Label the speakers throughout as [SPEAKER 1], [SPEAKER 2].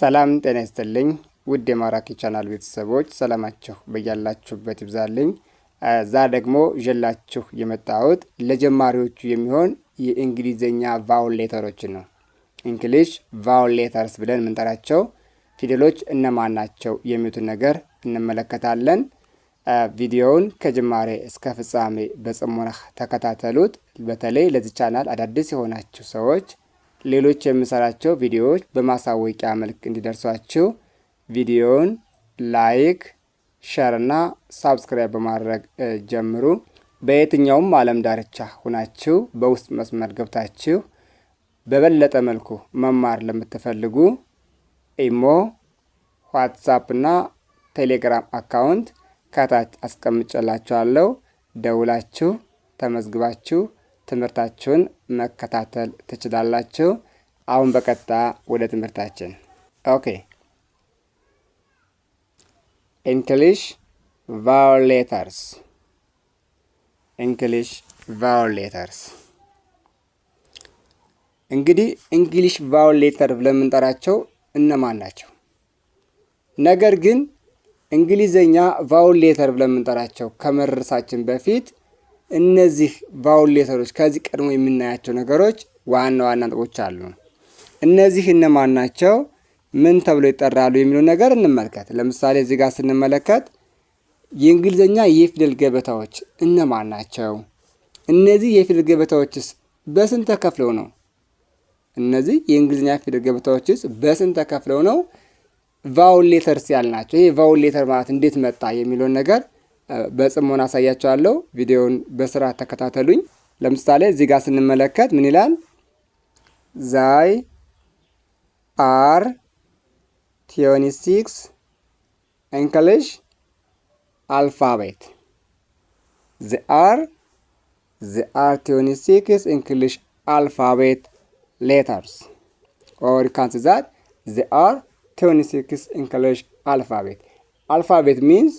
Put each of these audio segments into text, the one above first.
[SPEAKER 1] ሰላም ጤና ይስጥልኝ ውድ የማራኪ ቻናል ቤተሰቦች ሰላማችሁ በያላችሁበት ይብዛልኝ። ዛ ደግሞ ይዤላችሁ የመጣሁት ለጀማሪዎቹ የሚሆን የእንግሊዝኛ ቫውል ሌተሮችን ነው። እንግሊሽ ቫውል ሌተርስ ብለን የምንጠራቸው ፊደሎች እነማን ናቸው የሚሉትን ነገር እንመለከታለን። ቪዲዮውን ከጅማሬ እስከ ፍጻሜ በጽሞና ተከታተሉት። በተለይ ለዚህ ቻናል አዳዲስ የሆናችሁ ሰዎች ሌሎች የምሰራቸው ቪዲዮዎች በማሳወቂያ መልክ እንዲደርሷችሁ ቪዲዮውን ላይክ፣ ሸር እና ሳብስክራይብ በማድረግ ጀምሩ። በየትኛውም ዓለም ዳርቻ ሁናችሁ በውስጥ መስመር ገብታችሁ በበለጠ መልኩ መማር ለምትፈልጉ ኢሞ፣ ዋትሳፕ እና ቴሌግራም አካውንት ከታች አስቀምጨላችኋለሁ። ደውላችሁ ተመዝግባችሁ ትምህርታችሁን መከታተል ትችላላችሁ። አሁን በቀጥታ ወደ ትምህርታችን ኦኬ። ኢንግሊሽ ቫውል ሌተርስ ኢንግሊሽ ቫውል ሌተርስ እንግዲህ እንግሊሽ ቫውል ሌተር ብለን የምንጠራቸው እነማን ናቸው? ነገር ግን እንግሊዘኛ ቫውል ሌተር ብለን የምንጠራቸው ከመድረሳችን በፊት እነዚህ ቫውሌተሮች ከዚህ ቀድሞ የምናያቸው ነገሮች ዋና ዋና ነጥቦች አሉ። እነዚህ እነማን ናቸው? ምን ተብሎ ይጠራሉ? የሚለው ነገር እንመልከት። ለምሳሌ እዚህ ጋር ስንመለከት የእንግሊዝኛ የፊደል ገበታዎች እነማን ናቸው? እነዚህ የፊደል ገበታዎችስ በስንት ተከፍለው ነው? እነዚህ የእንግሊዝኛ ፊደል ገበታዎችስ በስንት ተከፍለው ነው ቫውል ሌተርስ ያልናቸው? ይሄ ቫውል ሌተር ማለት እንዴት መጣ የሚለውን ነገር በጽሞን አሳያቸዋለሁ። ቪዲዮውን በስራ ተከታተሉኝ። ለምሳሌ እዚህ ጋር ስንመለከት ምን ይላል? ዛይ አር ቲዮኒሲክስ እንክልሽ አልፋቤት ዚ አር ዚ አር ቲዮኒሲክስ እንክልሽ አልፋቤት ሌተርስ ኦር ካንስ ዛት ዚ አር ቲዮኒሲክስ እንክልሽ አልፋቤት አልፋቤት ሚንስ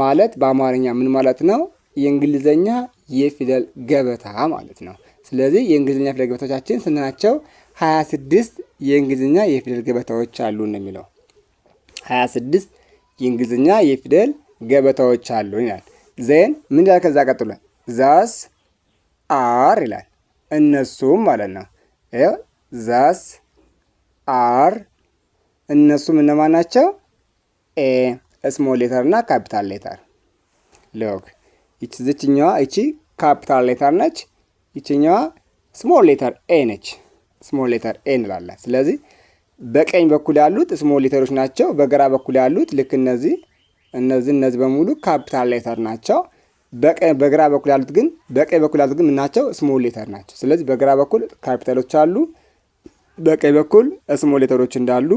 [SPEAKER 1] ማለት በአማርኛ ምን ማለት ነው? የእንግሊዘኛ የፊደል ገበታ ማለት ነው። ስለዚህ የእንግሊዝኛ ፊደል ገበታዎቻችን ስንናቸው 26 የእንግሊዝኛ የፊደል ገበታዎች አሉ እንደሚለው 26 የእንግሊዝኛ የፊደል ገበታዎች አሉ ይላል። ዜን ምን ይላል? ከዛ ቀጥሎ ዛስ አር ይላል። እነሱም ማለት ነው። ዛስ አር እነሱም እነማን ናቸው? ኤ ስሞል ሌተር እና ካፒታል ሌተር ሎክ ይቺ ዝችኛዋ ይቺ ካፒታል ሌተር ነች። ይችኛዋ ስሞል ሌተር ኤ ነች። ስሞል ሌተር ኤ እንላለን። ስለዚህ በቀኝ በኩል ያሉት ስሞል ሌተሮች ናቸው። በግራ በኩል ያሉት ልክ እነዚህ እነዚህ እነዚህ በሙሉ ካፒታል ሌተር ናቸው። በግራ በኩል ያሉት ግን በቀኝ በኩል ያሉት ግን ምናቸው ስሞል ሌተር ናቸው። ስለዚህ በግራ በኩል ካፒታሎች አሉ፣ በቀኝ በኩል ስሞል ሌተሮች እንዳሉ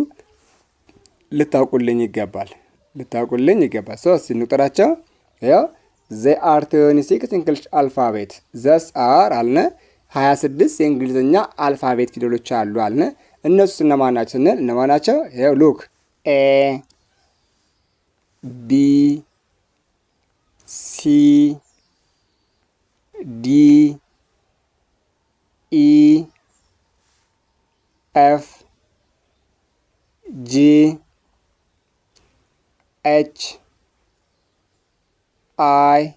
[SPEAKER 1] ልታውቁልኝ ይገባል። ልታውቁልኝ ይገባል። ሶስት እንቁጠራቸው። ያው ዘ አር ትዌንቲ እንግሊሽ አልፋቤት ዘስ አር አልነ። 26 የእንግሊዝኛ አልፋቤት ፊደሎች አሉ አልነ። እነሱስ እነማን ናቸው ስንል እነማን ናቸው? ያው ሉክ ኤ ቢ ሲ ዲ ኢ ኤፍ ጂ H. I.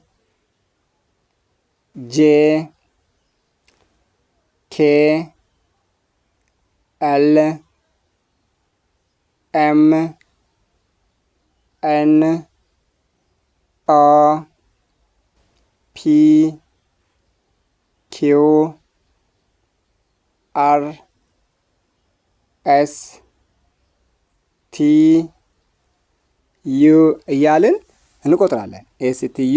[SPEAKER 1] J. K. L. M. N. O. P. Q. R. S. T. ዩ እያልን እንቆጥራለን። ኤስቲዩ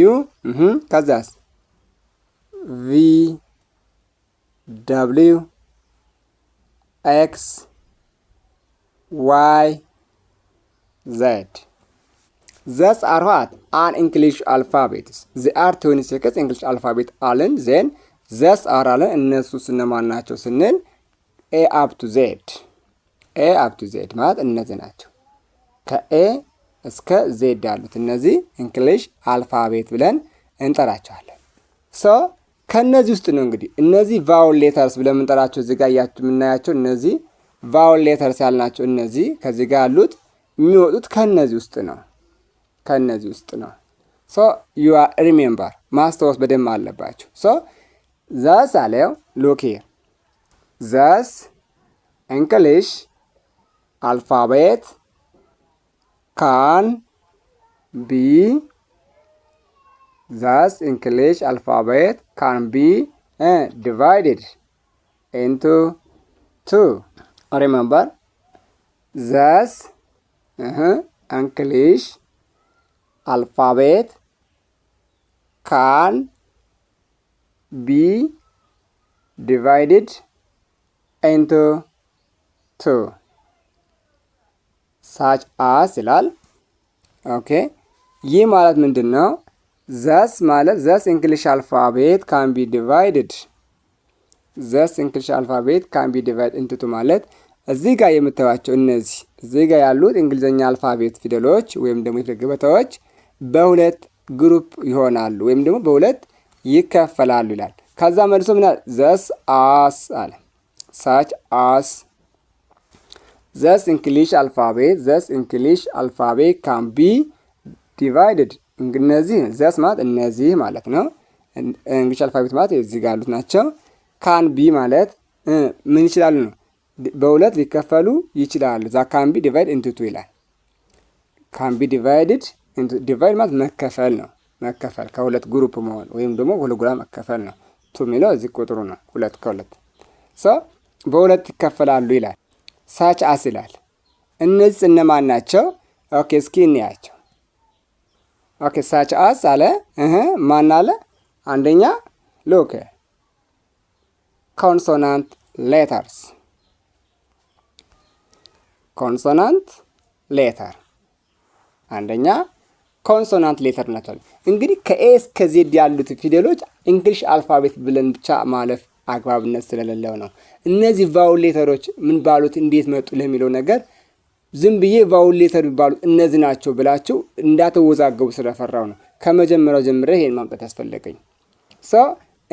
[SPEAKER 1] ከዛስ ቪ ደብሊው ኤክስ ዋይ ዘድ ዘስ አር ዋት አን ኢንግሊሽ አልፋቤትስ ዘአር ትዌንቲ ሲክስ ኢንግሊሽ አልፋቤት አልን ዜን ዘስ አር አለን እነሱ ስነማን ናቸው ስንል ኤ አፕ ቱ ዜድ ኤ አፕ ቱ ዜድ ማለት እነዚህ ናቸው ከኤ እስከ ዜድ ያሉት እነዚህ እንግሊሽ አልፋቤት ብለን እንጠራቸዋለን። ሶ ከእነዚህ ውስጥ ነው እንግዲህ እነዚህ ቫውል ሌተርስ ብለን የምንጠራቸው እዚህ ጋር የምናያቸው እነዚህ ቫውል ሌተርስ ያልናቸው እነዚህ ከዚህ ጋር ያሉት የሚወጡት ከእነዚህ ውስጥ ነው። ከእነዚህ ውስጥ ነው። ሶ ዩ ሪሜምበር ማስታወስ በደንብ አለባቸው። ሶ ዘስ አለው ሉክ ዘስ እንግሊሽ አልፋቤት can be thus English alphabet can be uh, divided into two. Remember, thus uh, English alphabet can be divided into two. ሳች አስ ይላል። ኦኬ ይህ ማለት ምንድን ነው? ዘስ ማለት ዘስ እንግሊሽ አልፋቤት ካን ቢ ዲቫይድድ ዘስ እንግሊሽ አልፋቤት ካን ቢ ዲቫይድ እንትቱ ማለት እዚህ ጋር የምታዩቸው እነዚህ እዚህ ጋር ያሉት እንግሊዝኛ አልፋቤት ፊደሎች ወይም ደግሞ የፊደል ገበታዎች በሁለት ግሩፕ ይሆናሉ ወይም ደግሞ በሁለት ይከፈላሉ ይላል። ከዛ መልሶ ምናል ዘስ አስ አለ ሳች አስ ዘስ እንግሊሽ አልፋቤት ዘስ እንግሊሽ አልፋቤት ካን ቢ ዲቫይድድ እነዚህ ዘስ ማለት እነዚህ ማለት ነው። እንግሊሽ አልፋቤት ማለት እዚህ ጋር ያሉት ናቸው። ካን ቢ ማለት ምን ይችላሉ ነው። በሁለት ሊከፈሉ ይችላሉ። ዛ ካን ቢ ዲቫይድ ኢንቱ ቱ ይላል። ካን ቢ ዲቫይድድ ዲቫይድ ማለት መከፈል ነው። መከፈል ከሁለት ግሩፕ መሆን ወይም ደግሞ ሁለት ጉራ መከፈል ነው። ቱ የሚለው እዚህ ቁጥሩ ነው። ሁለት ከሁለት ሰው በሁለት ይከፈላሉ ይላል። ሳች አስ ይላል። እነዚህ እነማን ናቸው? ኦኬ እስኪ እንያቸው። ኦኬ ሳች አስ አለ ማን አለ? አንደኛ ሉክ ኮንሶናንት ሌተርስ ኮንሶናንት ሌተር አንደኛ ኮንሶናንት ሌተር ናቸው። እንግዲህ ከኤ እስከ ዜድ ያሉት ፊደሎች እንግሊሽ አልፋቤት ብለን ብቻ ማለፍ አግባብነት ስለሌለው ነው። እነዚህ ቫውሌተሮች ምን ባሉት እንዴት መጡ ለሚለው ነገር ዝም ብዬ ቫውሌተር የሚባሉት እነዚህ ናቸው ብላችሁ እንዳትወዛገቡ ስለፈራው ነው። ከመጀመሪያው ጀምረ ይሄን ማምጣት ያስፈለገኝ ሰው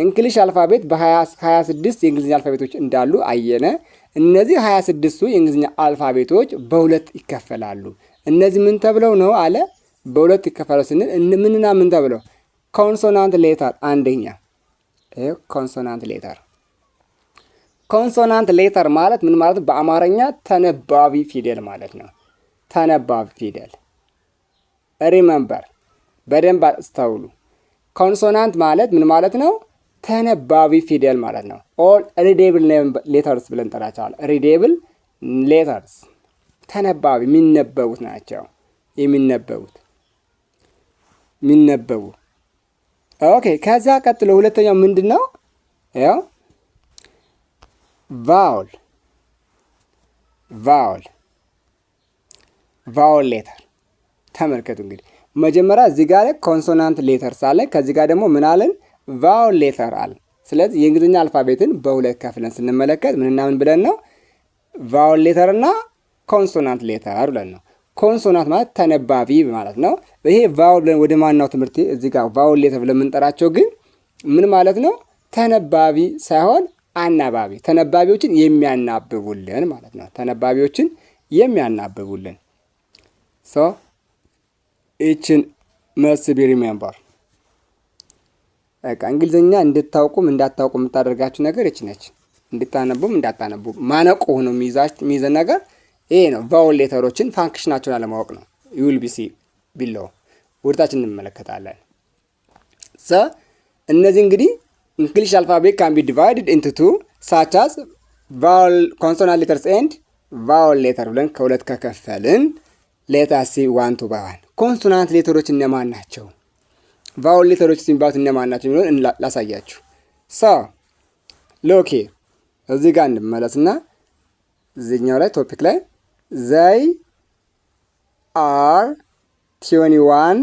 [SPEAKER 1] እንግሊሽ አልፋቤት በ26 የእንግሊዝኛ አልፋቤቶች እንዳሉ አየነ። እነዚህ 26ቱ የእንግሊዝኛ አልፋቤቶች በሁለት ይከፈላሉ። እነዚህ ምን ተብለው ነው አለ? በሁለት ይከፈላሉ ስንል ምንና ምን ተብለው? ኮንሶናንት ሌተር አንደኛ፣ ኮንሶናንት ሌተር ኮንሶናንት ሌተር ማለት ምን ማለት በአማርኛ ተነባቢ ፊደል ማለት ነው። ተነባቢ ፊደል ሪመምበር፣ በደንብ አስተውሉ። ኮንሶናንት ማለት ምን ማለት ነው? ተነባቢ ፊደል ማለት ነው። ኦል ሪዴብል ሌተርስ ብለን ጠራቸዋል። ሪዴብል ሌተርስ ተነባቢ የሚነበቡት ናቸው። የሚነበቡት የሚነበቡ ኦኬ። ከዚያ ቀጥሎ ሁለተኛው ምንድን ነው? ያው ቫውል ቫውል ቫውል ሌተር ተመልከቱ። እንግዲህ መጀመሪያ እዚህ ጋር ኮንሶናንት ሌተር ሳለ ከዚህ ጋር ደግሞ ምን አለን? ቫውል ሌተር አለ ስለዚህ የእንግሊዝኛ አልፋቤትን በሁለት ከፍለን ስንመለከት ምንና ምን ብለን ነው? ቫውል ሌተር እና ኮንሶናንት ሌተር ብለን ነው። ኮንሶናንት ማለት ተነባቢ ማለት ነው። ይሄ ቫውል ወደ ማናው ትምህርት እዚህ ጋር ቫውል ሌተር ብለን የምንጠራቸው ግን ምን ማለት ነው? ተነባቢ ሳይሆን አናባቢ ተነባቢዎችን የሚያናብቡልን ማለት ነው። ተነባቢዎችን የሚያናብቡልን ሶ መስ ቢ ሪሜምበር በቃ እንግሊዝኛ እንድታውቁም እንዳታውቁ የምታደርጋችሁ ነገር ይች ነች። እንድታነቡም እንዳታነቡ ማነቆ ሆኖ የሚይዘን ነገር ይሄ ነው። ቫውል ሌተሮችን ፋንክሽናቸውን አለማወቅ ነው። ዩል ቢሲ ቢለው ውድታችን እንመለከታለን። እነዚህ እንግዲህ English alphabet can be divided into two, such as vowel consonant letters and vowel letter ብለን ከሁለት ከከፈልን ሌተር ሲ ዋን ኮንሶናንት ሌተሮች እነማን ናቸው? ቫውል ሌተሮች የሚባሉት እነማን ናቸው የሚለውን ላሳያችሁ። ሳ ሎኬ እዚህ ጋር እንመለስና እዚህኛው ላይ ቶፒክ ላይ ዘይ አር ቲዮኒ ዋን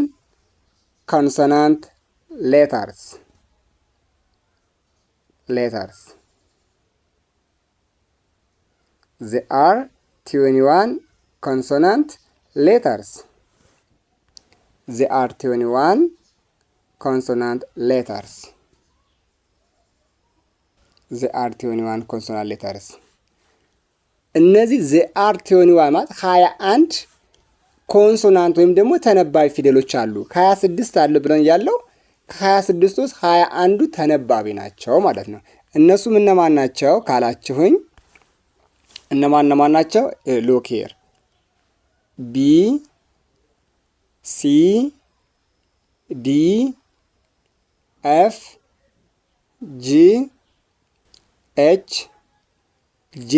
[SPEAKER 1] ኮንሶናንት ሌተርስ letters. There are 21 consonant letters. There are 21 consonant letters. There are 21 consonant letters. እነዚህ ዘአር ቲዮኒዋን ማለት ሀያ አንድ ኮንሶናንት ወይም ደግሞ ተነባቢ ፊደሎች አሉ። ከሀያ ስድስት አለ ብለን ያለው ከሀያ ስድስት ውስጥ ሀያ አንዱ ተነባቢ ናቸው ማለት ነው። እነሱም እነማን ናቸው ካላችሁኝ እነማን እነማን ናቸው? ሎኬር ቢ ሲ ዲ ኤፍ ጂ ኤች ጄ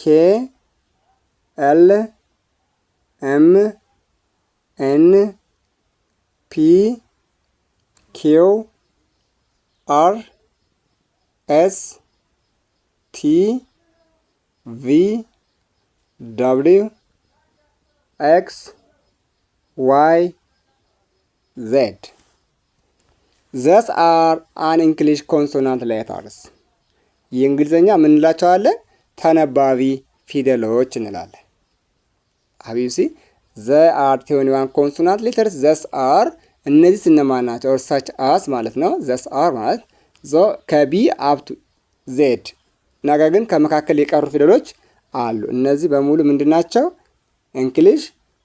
[SPEAKER 1] ኬ ኤል ኤም ኤን ፒ ኪው አር ኤስ ቲ ቪ ደብሊው ኤክስ ዋይ ዜድ ዘስ አር አን እንግሊሽ ኮንሶናንት ሌተርስ የእንግሊዝኛ ምን እንላቸዋለን? ተነባቢ ፊደሎች እንላለን። ሀቢብሲ ዘ አር ቴዎኒዋን ኮንሶናንት ሌተርስ ዘስ አር እነዚህ እነማን ናቸው? አስ ማለት ነው። ዘስ አር ማለት ዞ ከቢ አብቱ ዜድ። ነገር ግን ከመካከል የቀሩ ፊደሎች አሉ። እነዚህ በሙሉ ምንድን ናቸው? እንግሊሽ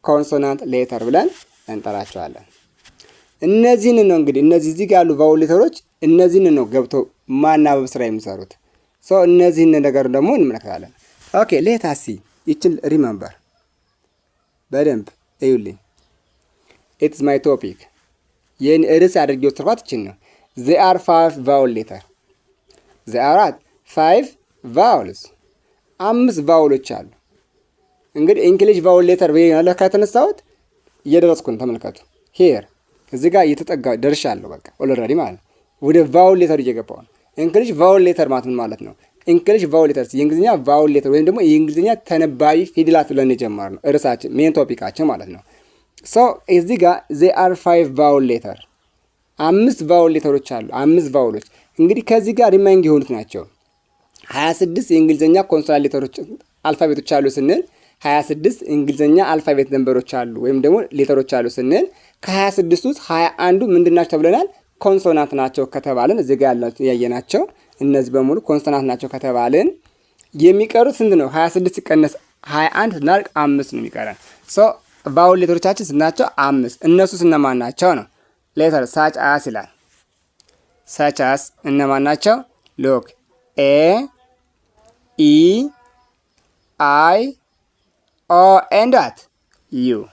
[SPEAKER 1] ኮንሶናንት ሌተር ብለን እንጠራቸዋለን። እነዚህን ነው እንግዲህ እነዚህ እዚህ ጋር ያሉ ቫውል ሌተሮች እነዚህን ነው ገብቶ ማናበብ ስራ የሚሰሩት። ሶ እነዚህን ነገር ደግሞ እንመለከታለን። ኦኬ ሌታ ሲ ይችን ሪመምበር በደንብ እዩልኝ። ኢትስ ማይ ቶፒክ ይህን ርዕስ አድርጌው ትርፋት ይችን ነው። ዜይ አር ፋይቭ ቫውል ሌተር ዜይ አር ፋይቭ ቫውልስ አምስት ቫውሎች አሉ። እንግዲህ እንግሊሽ ቫውል ሌተር ብዬ ያለ ከተነሳሁት እየደረስኩ ነው። ተመልከቱ ሄር እዚህ ጋር እየተጠጋ ደርሻለሁ። በቃ ኦልሬዲ ማለት ነው። ወደ ቫውል ሌተር እየገባው ነው። እንግሊሽ ቫውል ሌተር ማለት ምን ማለት ነው? እንግሊሽ ቫውል ሌተርስ የእንግሊዝኛ ቫውል ሌተር ወይም ደግሞ የእንግሊዝኛ ተነባቢ ፊደላት ብለን የጀመርነው ርዕሳችን ሜን ቶፒካችን ማለት ነው። ሶ እዚህ ጋር ዜ አር ፋይቭ ቫውል ሌተር አምስት ቫውል ሌተሮች አሉ። አምስት ቫውሎች እንግዲህ ከዚህ ጋር ሪማይንግ የሆኑት ናቸው። 26 የእንግሊዝኛ ኮንሶናንት ሌተሮች አልፋቤቶች አሉ ስንል 26 የእንግሊዝኛ አልፋቤት ነንበሮች አሉ ወይም ደግሞ ሌተሮች አሉ ስንል ከ26 ውስጥ 21ዱ ምንድን ናቸው ተብለናል? ኮንሶናንት ናቸው ከተባልን እዚህ ጋር ያየናቸው እነዚህ በሙሉ ኮንሶናንት ናቸው ከተባልን የሚቀሩት ስንት ነው? 26 ሲቀነስ 21 ስናደርግ አምስት ነው የሚቀረን ባውል ሌተሮቻችን ስናቸው አምስት። እነሱስ እነማን ናቸው ነው። ሌተር ሳች አስ ይላል። ሳች አስ እነማን ናቸው? ሎክ ኤ ኢ አይ ኦ ኤንድ አት ዩ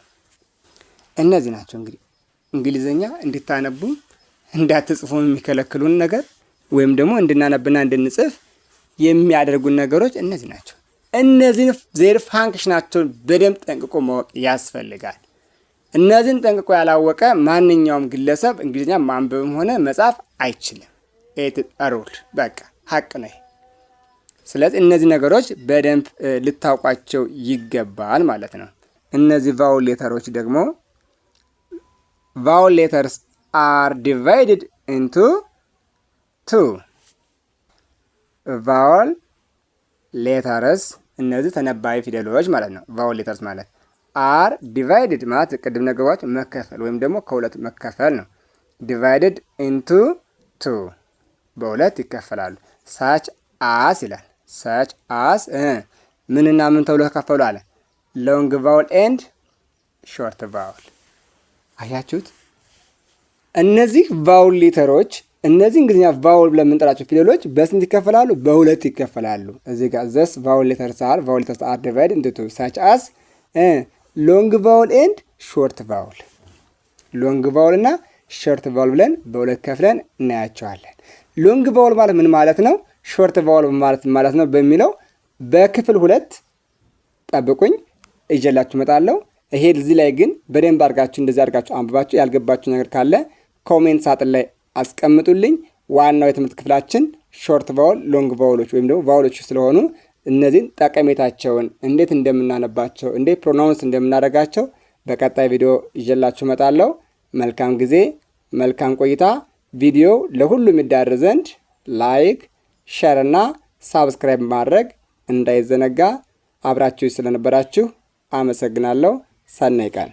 [SPEAKER 1] እነዚህ ናቸው። እንግዲህ እንግሊዝኛ እንድታነቡ እንዳትጽፉ የሚከለክሉን ነገር ወይም ደግሞ እንድናነብና እንድንጽፍ የሚያደርጉን ነገሮች እነዚህ ናቸው። እነዚህን ዜር ፋንክሽ ናቸውን በደንብ ጠንቅቆ ማወቅ ያስፈልጋል። እነዚህን ጠንቅቆ ያላወቀ ማንኛውም ግለሰብ እንግሊዝኛ ማንበብም ሆነ መጻፍ አይችልም። ኤትጠሩል በቃ ሀቅ ነው። ስለዚህ እነዚህ ነገሮች በደንብ ልታውቋቸው ይገባል ማለት ነው። እነዚህ ቫውል ሌተሮች ደግሞ ቫውል ሌተርስ አር ዲቫይድድ ኢንቱ ቱ ቫውል ሌተርስ እነዚህ ተነባቢ ፊደሎች ማለት ነው። ቫውል ሌተርስ ማለት አር ዲቫይድድ ማለት ቅድም ነገሯቸው መከፈል ወይም ደግሞ ከሁለት መከፈል ነው። ዲቫይድድ ኢንቱ ቱ በሁለት ይከፈላሉ። ሳች አስ ይላል። ሳች አስ ምንና ምን ተብሎ ተከፈሉ አለ። ሎንግ ቫውል ኤንድ ሾርት ቫውል። አያችሁት? እነዚህ ቫውል ሌተሮች እነዚህ እንግሊዝኛ ቫውል ብለን የምንጠራቸው ፊደሎች በስንት ይከፈላሉ? በሁለት ይከፈላሉ። እዚህ ጋር ዘስ ቫውል ሌተርስ አር ቫውል ሌተርስ አር ዲቫይድ ኢንቱ ቱ ሳች አስ ሎንግ ቫውል ኤንድ ሾርት ቫውል። ሎንግ ቫውል እና ሾርት ቫውል ብለን በሁለት ከፍለን እናያቸዋለን። ሎንግ ቫውል ማለት ምን ማለት ነው? ሾርት ቫውል ማለት ማለት ነው በሚለው በክፍል ሁለት ጠብቁኝ እጀላችሁ እመጣለሁ። ይሄ እዚህ ላይ ግን በደንብ አድርጋችሁ እንደዚህ አድርጋችሁ አንብባችሁ ያልገባችሁ ነገር ካለ ኮሜንት ሳጥን ላይ አስቀምጡልኝ። ዋናው የትምህርት ክፍላችን ሾርት ቫውል፣ ሎንግ ቫውሎች ወይም ደግሞ ቫውሎች ስለሆኑ እነዚህን ጠቀሜታቸውን፣ እንዴት እንደምናነባቸው፣ እንዴት ፕሮናውንስ እንደምናደርጋቸው በቀጣይ ቪዲዮ ይዤላችሁ እመጣለሁ። መልካም ጊዜ፣ መልካም ቆይታ። ቪዲዮ ለሁሉም ይዳረስ ዘንድ ላይክ፣ ሸር እና ሳብስክራይብ ማድረግ እንዳይዘነጋ። አብራችሁ ስለነበራችሁ አመሰግናለሁ። ሰናይ ቀን